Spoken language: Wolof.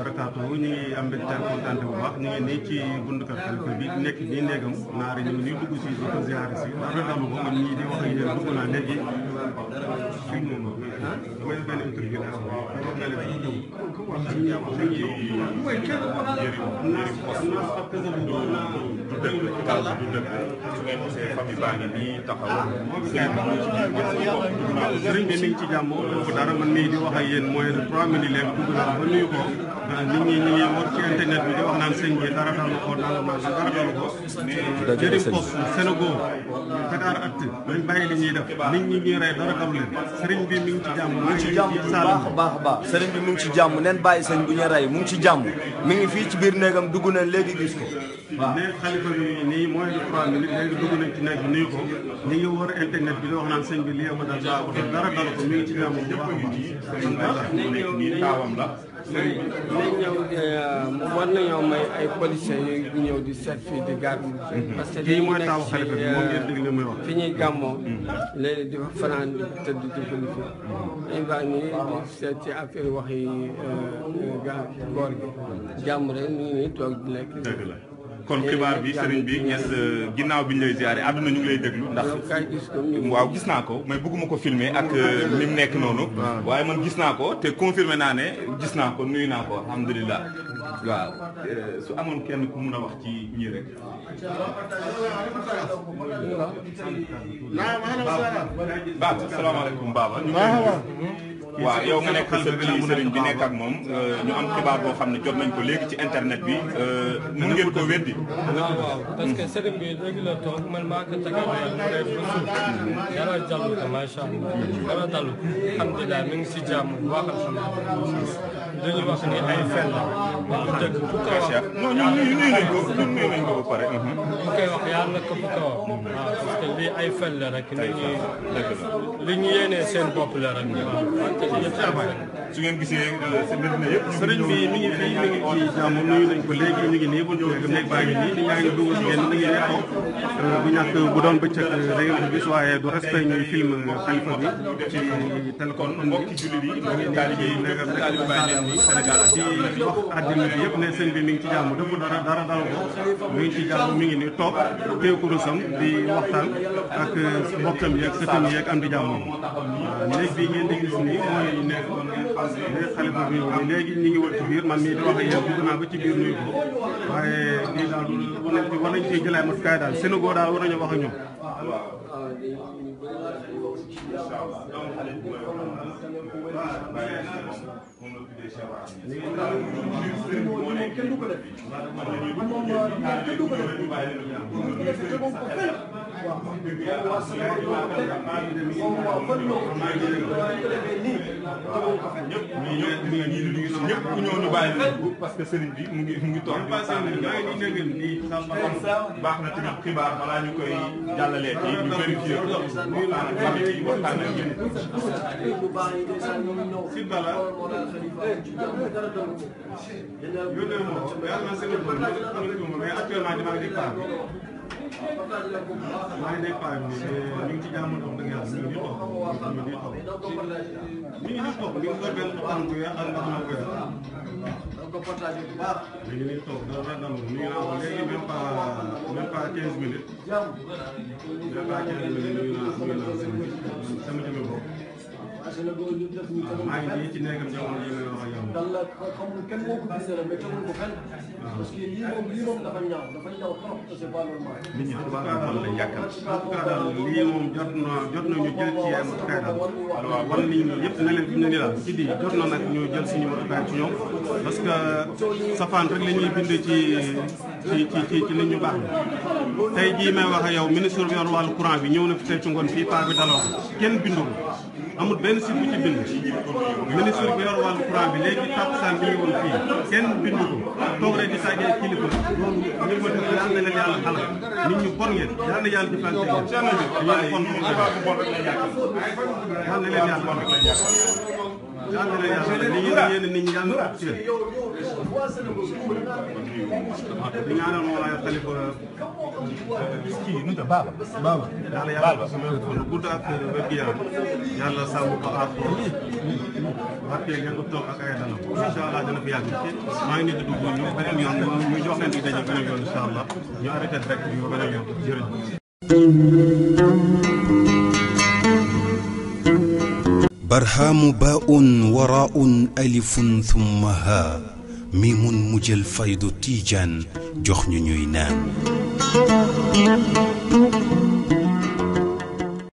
barakaatu ñu ngi am mbégte ak kontaante bu bi nekk nii néegam naari ñu ngi nii du dëkk du dëkk du dëkk su baa ngi nii taxaw sëriñ dara man mii di wax ak mooy trois minutes léegi dugg naa ba nuyu ko nit ñi ñu ngi war ci internet bi di wax naan sëñ bi dara dalu ko dara dalu ko. jëriñ pos Sénégo Dakar Actu dañ bàyyi li ñuy def nit ñi ñuy rey dara dalu leen sëriñ bi mi ngi ci jàmm mu ngi ci jàmm bu baax a baax a baax sëriñ bi mu ngi ci jàmm neen bàyyi sëñ bu ñu rey mu ngi ci jàmm mi ngi fii ci biir néegam dugg na léegi gis ko waaw ne xalifa bi nii mooy de trois minutes léegi dugg nañ ci nekk nuyu ko ñu ngi war internet bi di wax naan sëñ bi li ma dal baaxul dara dalu ko mi ngi ci jàmm bu baax a baax léegi ñëw euh, war nañoo may ay policiers yu ñëw di seet fii di gàddu. Mhm. parce que lii mu nekk ci euh, fi ñuy gàmmoo. Mhm. léegi di fa fanaan di tëdd di ko liggéey. dañu baax ni di seet ci affaire wax yi gaa góor gi. Mhm. jàmm rek toog di lekk. kon xibaar bi sëriñ bi ñes euh, ginnaaw bi ñu lay ziare àdduna ñu ngi lay déglu ndax waaw gis naa ko mais bëgguma ko filmer ak euh, ni mu nekk noonu ah. waaye man gis naa ko te confirmé naa ne gis naa ko nuyu naa ko alhamdulilah waaw euh, su amoon kenn ku mun a wax ci ñii rek waaw yow nga nekk sëriñ sëriñ bi nekk ak moom euh, ñu am xibaar boo xam ne jot nañ ko léegi ci internet bi euh, mun ngeen ko weddi waaw waaw parce que sëriñ bi léegi la toog man maa ko tagalay mu day ba suuf dara jàllu ko macha allah dara dalu alhamdulilah mi ngi si jàmm waa alhamdulilah dañu wax ni ay fen la wax dëgg bu ko wax non ñun ñu nuyu nañ ko ñun nuyu nañ ko ba pare bu mhm. koy wax yàlla na ko bu ko wax waaw parce que lii ay fen la rek li ñuy li ñu yéenee seen bopp la rek waaw 这你再买。su ngeen gisee mbir euh, mi yëpp. sëriñ bi mi ngi fii mi ngi ci jàmm nuyu nañ ko léegi mi ngi nii bu ñu ñëwee néeg baa ngi nii nit ñaa ngi dugg si kenn nit ñi lay toog bu ñàkk bu doon bëccëg euh, da ngeen ko gis waaye du respect ñuy film xalifa euh, bi ci téléphone. mbokk jullit yi mbokk taalibe yi nekk taalibe bàyyi leen nii Sénégal di wax àddina bi yëpp ne sëñ bi mi ngi ci jàmm defu dara dara dal ko mi ngi ci jàmm mi ngi nii toog téye kurusam di waxtaan ak mbokkam yeeg sëtam yeeg am di jàmm néeg bi ngeen di gis nii mooy nekk xalifa bi ñëw léegi ñu ngi ci biir ma mii di wax ak yéen dugg naa ba ci biir nuyu ko waaye lii daal du war nañ cee jëlaay matukaay daal Sénégal daal war nañoo wax ak ñoom. waaw. waaw wax dëgg yàlla wax dëgg yàlla wax dëgg yàlla wax dëgg yàlla wax dëgg yàlla wax dëgg yàlla wax maa ngi nekk paa bi ñu ngi ci jàmm wax dëgg yàlla ñu ngi nii toog ñu ngi nii toog ñu ngi nii toog ñu ngi koy benn tànk ya ak ndax naa ko ya ñu ngi nii toog dara dara ñu ngi naan léegi même pas même pas 15 minutes même pas 15 minutes ñu ngi naan ñu ngi naan sama sama jëmmi bopp maa ngi nii ci nekkam jamono yi may wax ak yow dal la xamul kenn moo ko gisee la mais tegul ko fenn parce que lii moom lii moom dafa ñaaw dafa ñaaw trop moom jot na jot na ñu jël ci ay matukaay daal waaw wan nit ci ñu jël suñu ci ñoom parce que safaan rek la ñuy bind ci ci ci ci nit ñu baax tey jii may wax ak yow ministre bi yor wàllu bi ñëw na fi tey ci ngoon fii paa bi daloo kenn bindul amul benn site bu ci bind ministre bi yor wàllu courant bi léegi tàkkusaan bi ñu woon fii kenn bindu ko toog rek di saagee kilifa ñu ma def yal na leen yàlla xalal nit ñu bon ngeen yal na yàlla defal seen yéen yéen bon moom yàlla yal nuta baaba baaba yàlla yàlla lu gudd ak wér-gu-yaram yàlla sàmm ko aar ko barke ngeen ko toog ak ay dana incha allah dana fi yàgg maa ngi nekk dugg ñu beneen yoon ñu jox leen di daje beneen yoon incha allah ñu arrêté rek ñu beneen yoon jërëjëf أرهام باء وراء ألف ثم ها ميم مجل فيض تيجان جخن نينان